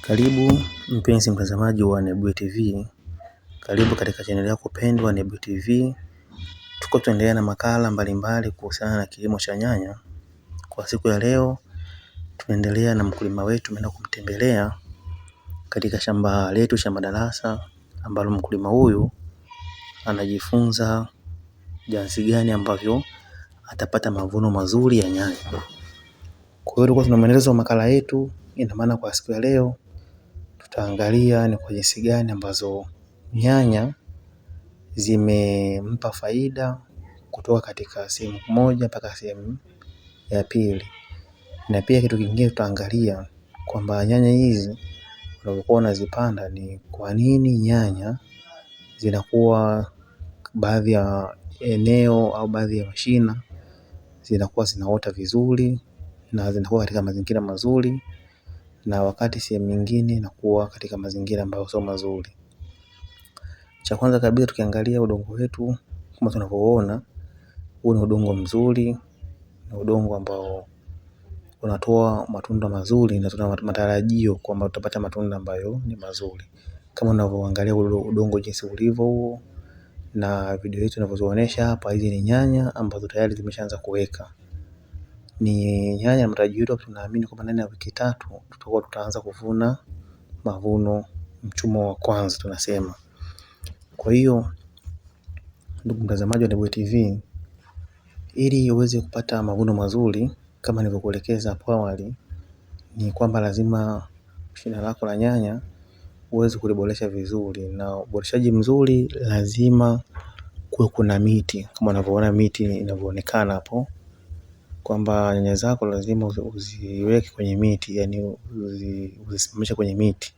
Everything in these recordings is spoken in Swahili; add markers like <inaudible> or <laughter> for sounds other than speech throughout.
Karibu mpenzi mtazamaji wa Nebuye TV, karibu katika chaneli yako pendwa Nebuye TV. Tuko tuendelea na makala mbalimbali kuhusiana na kilimo cha nyanya. Kwa siku ya leo, tunaendelea na mkulima wetu, tumeenda kumtembelea katika shamba letu cha madarasa, ambalo mkulima huyu anajifunza jinsi gani ambavyo atapata mavuno mazuri ya nyanya. Kwa hiyo tulikuwa tuna mwendelezo wa makala yetu, ina maana kwa siku ya leo tutaangalia ni kwa jinsi gani ambazo nyanya zimempa faida kutoka katika sehemu moja mpaka sehemu ya pili. Na pia kitu kingine tutaangalia kwamba nyanya hizi unapokuwa unazipanda ni kwa nini nyanya zinakuwa baadhi ya eneo au baadhi ya mashina zinakuwa zinaota vizuri na zinakuwa katika mazingira mazuri na wakati sehemu nyingine kuwa katika mazingira ambayo sio mazuri. Cha kwanza kabisa tukiangalia udongo wetu kama tunavyoona, huu ni udongo mzuri, ni udongo ambao unatoa matunda mazuri na tuna matarajio kwamba tutapata matunda ambayo ni mazuri. Kama unavyoangalia udongo jinsi ulivyo huo na video yetu inavyotuonesha hapa, hizi ni nyanya ambazo tayari zimeshaanza kuweka ni nyanya matarajio wetu, tunaamini kwamba ndani ya wiki tatu tutakuwa tutaanza kuvuna mavuno mchumo wa kwanza tunasema. Kwa hiyo ndugu mtazamaji wa Nebuye TV, ili uweze kupata mavuno mazuri kama nilivyokuelekeza hapo awali, ni kwamba lazima shina lako la nyanya uweze kuliboresha vizuri, na uboreshaji mzuri lazima kuwe kuna miti kama unavyoona miti inavyoonekana hapo kwamba nyanya zako lazima uziweke kwenye miti, yani uzisimamishe kwenye miti.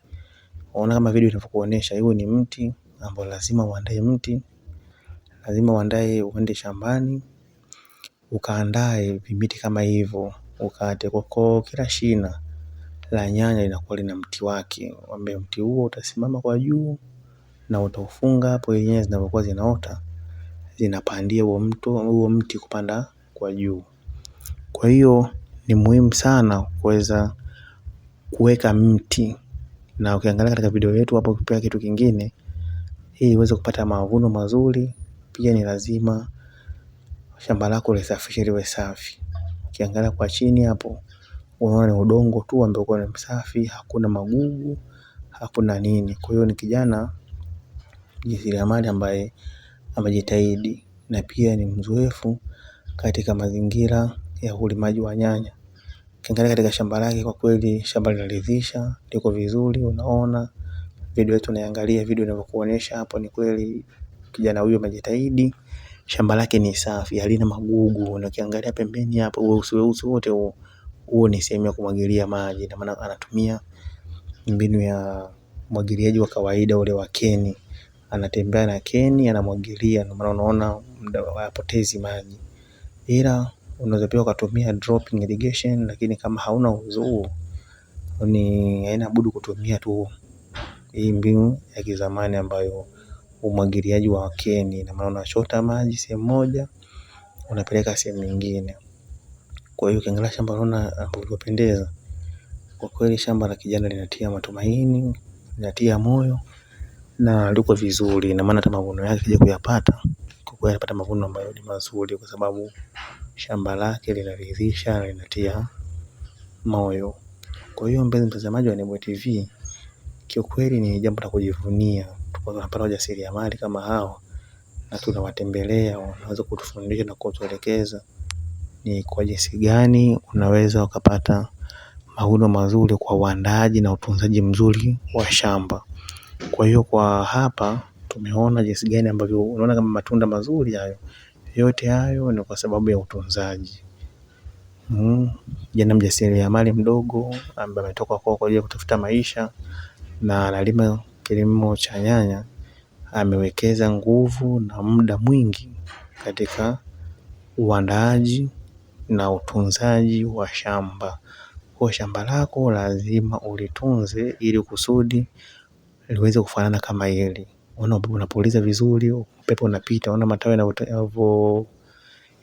Unaona kama video inavyokuonyesha, hiyo ni mti ambao lazima uandae mti, lazima uandae uende shambani ukaandae vimiti kama hivyo, ukate koko. kila shina la nyanya linakuwa lina mti wake, ambaye mti huo utasimama kwa juu na utaufunga hapo. Nyanya zinapokuwa zinaota zinapandia huo mti kupanda kwa juu. Kwa hiyo ni muhimu sana kuweza kuweka mti na ukiangalia katika video yetu hapo pia kitu kingine ili uweze kupata mavuno mazuri, pia ni lazima shamba lako lisafishe liwe safi. Ukiangalia kwa chini hapo unaona ni udongo tu ambao uko ni msafi, hakuna magugu, hakuna nini. Kwa hiyo ni kijana mjasiriamali ambaye amejitahidi na pia ni mzoefu katika mazingira ya ulimaji wa nyanya. Ukiangalia katika shamba lake kwa kweli shamba linaridhisha, liko vizuri unaona. Video yetu naangalia video inavyokuonyesha hapo ni kweli kijana huyu amejitahidi. Shamba lake ni safi, halina magugu na ukiangalia pembeni hapo weusi weusi wote huo huo ni sehemu ya kumwagilia maji, na maana anatumia mbinu ya mwagiliaji wa kawaida ule wa keni. Anatembea na keni anamwagilia, na maana unaona hapotezi maji ila unaweza pia ukatumia dropping irrigation, lakini kama hauna uwezo huo ni haina budi kutumia tu hii mbinu ya kizamani ambayo umwagiliaji wa keni, na maana unachota maji sehemu moja unapeleka sehemu nyingine. Kwa hiyo ukiangalia shamba unaona lilivyopendeza kwa kweli, shamba la kijana linatia matumaini, linatia moyo na liko vizuri, na maana hata mavuno yake kija kuyapata kwa kweli anapata mavuno ambayo ni mazuri kwa sababu Shamba lake linaridhisha na linatia moyo. Kwa hiyo mpenzi mtazamaji wa Nebuye TV, kiukweli ni jambo la kujivunia tunapata wajasiriamali kama hawa na tunawatembelea, wanaweza kutufundisha na kutuelekeza ni kwa jinsi gani unaweza ukapata mavuno mazuri kwa uandaji na utunzaji mzuri wa shamba. Kwa hiyo kwa hapa tumeona jinsi gani ambavyo unaona kama matunda mazuri hayo yote hayo ni kwa sababu ya utunzaji. Kijana hmm. mjasiriamali mdogo ambaye ametoka kwao kwa ajili ya kutafuta maisha na analima kilimo cha nyanya, amewekeza nguvu na muda mwingi katika uandaaji na utunzaji wa shamba. Kwa shamba lako lazima ulitunze ili kusudi liweze kufanana kama hili. Unaona unapuliza vizuri, upepo unapita, unaona matawi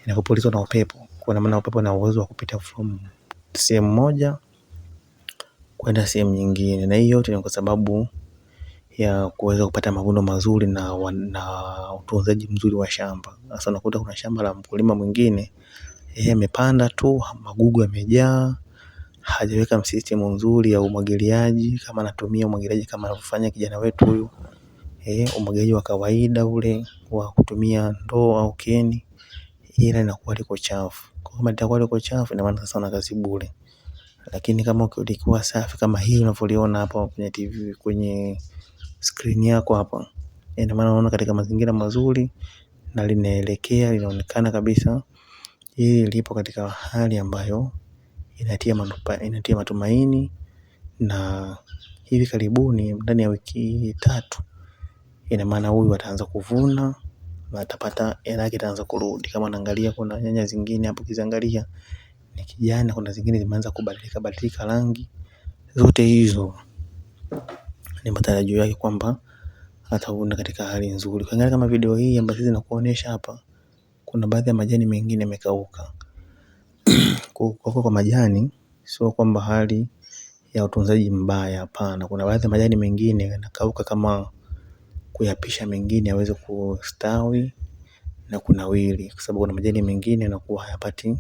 yanavyopulizwa na upepo. Kwa maana upepo una uwezo wa kupita from sehemu moja kwenda sehemu nyingine, na hii yote ni kwa sababu ya kuweza kupata mavuno mazuri na, wa, na utunzaji mzuri wa shamba. Sasa unakuta kuna shamba la mkulima mwingine yeye amepanda tu magugu yamejaa, hajaweka msistimu mzuri ya umwagiliaji, kama anatumia umwagiliaji kama anavyofanya kijana wetu huyu eh, umwagiliaji wa kawaida ule wa kutumia ndoo au keni, ila inakuwa liko chafu. Kwa kama litakuwa liko chafu, ina maana sasa una kazi bure. Lakini kama ilikuwa safi kama hii unavyoliona hapa kwenye TV kwenye skrini yako hapa, eh, ina maana unaona katika mazingira mazuri na linaelekea linaonekana kabisa hili lipo katika hali ambayo inatia manupa, inatia matumaini na hivi karibuni ndani ya wiki tatu ina maana huyu ataanza kuvuna na atapata hela yake itaanza kurudi. Kama naangalia kuna nyanya zingine hapo, ukiziangalia ni kijani, kuna zingine zimeanza kubadilika badilika rangi. Zote hizo ni matarajio yake kwamba atavuna katika hali nzuri. Ukiangalia kama video hii ambayo zinakuonyesha hapa, kuna baadhi ya majani mengine yamekauka. <clears throat> Kukauka kwa majani sio kwamba hali ya utunzaji mbaya, hapana. Kuna baadhi ya majani mengine yanakauka kama kuyapisha mengine yaweze kustawi na kunawiri, kwa sababu kuna majani mengine yanakuwa hayapati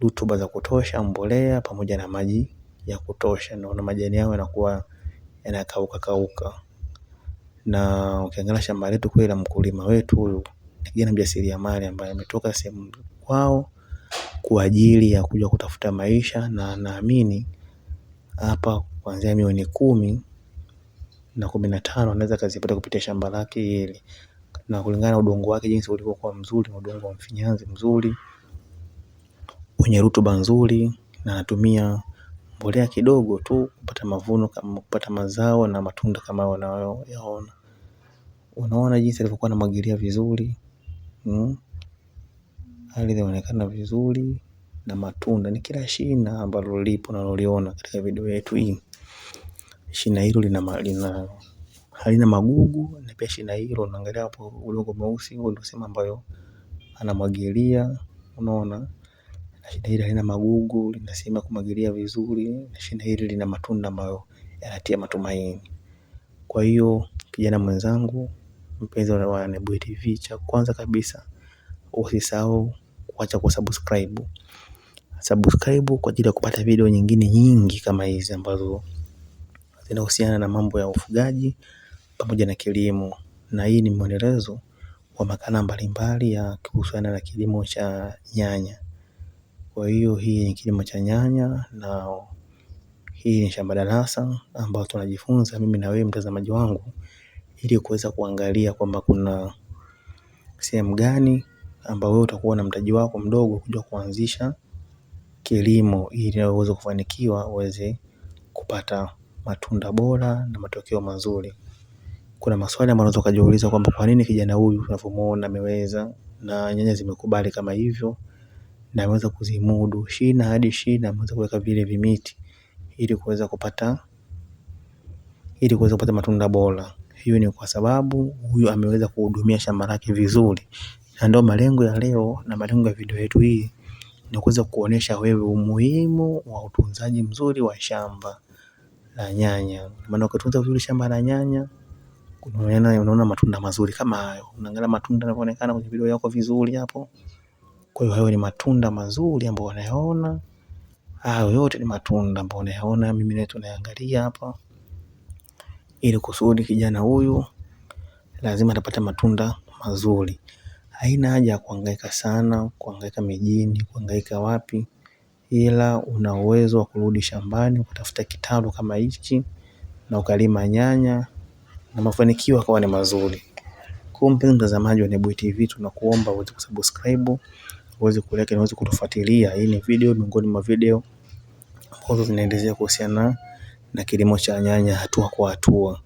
rutuba za kutosha, mbolea pamoja na maji ya kutosha, na majani yao yanakuwa yanakauka kauka. Na ukiangalia shamba letu kweli la mkulima wetu huyu ni kijana mjasiriamali ambaye ametoka sehemu kwao kwa ajili ya kuja kutafuta maisha, na naamini hapa kuanzia milioni kumi na kumi na tano anaweza akazipata kupitia shamba lake hili, na kulingana na udongo wake jinsi ulivyokuwa mzuri, udongo wa mfinyanzi mzuri wenye rutuba nzuri, na anatumia mbolea kidogo tu kupata mavuno kama kupata mazao na matunda kama wanayoyaona. Unaona jinsi alivyokuwa anamwagilia vizuri mm? hali inaonekana vizuri na matunda ni kila shina ambalo lipo na unaliona katika video yetu hii shina hilo lina, lina halina magugu na pia shina hilo unaangalia hapo udongo mweusi huo ndio sehemu ambayo anamwagilia, unaona na shina hili halina magugu, lina sehemu ya kumwagilia vizuri, na shina hili lina matunda ambayo yanatia matumaini. Kwa hiyo kijana mwenzangu, mpenzi wa Nebuye TV, cha kwanza kabisa usisahau kuacha kusubscribe, subscribe kwa ajili ya kupata video nyingine nyingi kama hizi ambazo zinahusiana na mambo ya ufugaji pamoja na kilimo, na hii ni mwendelezo wa makala mbalimbali ya kuhusiana na kilimo cha nyanya. Kwa hiyo hii ni kilimo cha nyanya na hii ni shamba darasa ambayo tunajifunza mimi na wewe mtazamaji wangu, ili kuweza kuangalia kwamba kuna sehemu gani ambao wewe utakuwa na mtaji wako mdogo kuja kuanzisha kilimo ili uweze kufanikiwa uweze kupata matunda bora na matokeo mazuri. Kuna maswali ambayo unaweza ukajiuliza kwamba kwa nini kijana huyu tunavyomuona ameweza na nyanya zimekubali kama hivyo na ameweza kuzimudu shina hadi shina ameweza kuweka vile vimiti ili kuweza kupata ili kuweza kupata matunda bora. Hiyo ni kwa sababu huyu ameweza kuhudumia shamba lake vizuri, na ndio malengo ya leo na malengo ya video yetu hii ni kuweza kuonesha wewe umuhimu wa utunzaji mzuri wa shamba la nyanya, maana ukitunza vizuri shamba la nyanya unaona, unaona matunda mazuri kama hayo. Unaangalia matunda yanayoonekana kwenye video yako vizuri hapo. Kwa hiyo hayo ni matunda mazuri ambayo unayaona, hayo yote ni matunda ambayo unayaona, mimi na tunaangalia hapa, ili kusudi kijana huyu lazima atapata matunda mazuri. Haina haja ya kuhangaika sana, kuhangaika mijini, kuhangaika wapi ila una uwezo wa kurudi shambani ukatafuta kitalu kama hichi na ukalima nyanya na mafanikio yakawa ni mazuri. Kwa mpenzi mtazamaji wa Nebuye TV tunakuomba uweze kusubscribe, uweze kulike na uweze kutufuatilia. Hii ni video miongoni mwa video ambazo zinaendelea kuhusiana na kilimo cha nyanya hatua kwa hatua.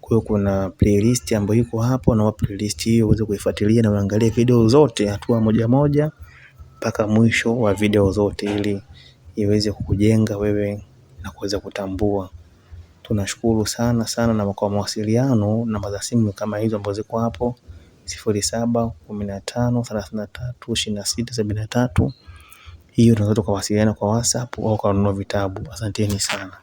Kwa hiyo kuna playlist ambayo iko hapo na playlist hiyo uweze kuifuatilia na uangalie video zote hatua moja moja mpaka mwisho wa video zote ili iweze kukujenga wewe na kuweza kutambua. Tunashukuru sana sana, na kwa mawasiliano namba za simu kama hizo ambazo ziko hapo sifuri saba kumi na tano thelathini na tatu ishirini na sita sabini na tatu. Hiyo tunaweza tukawasiliana kwa WhatsApp au kununua vitabu. Asanteni sana.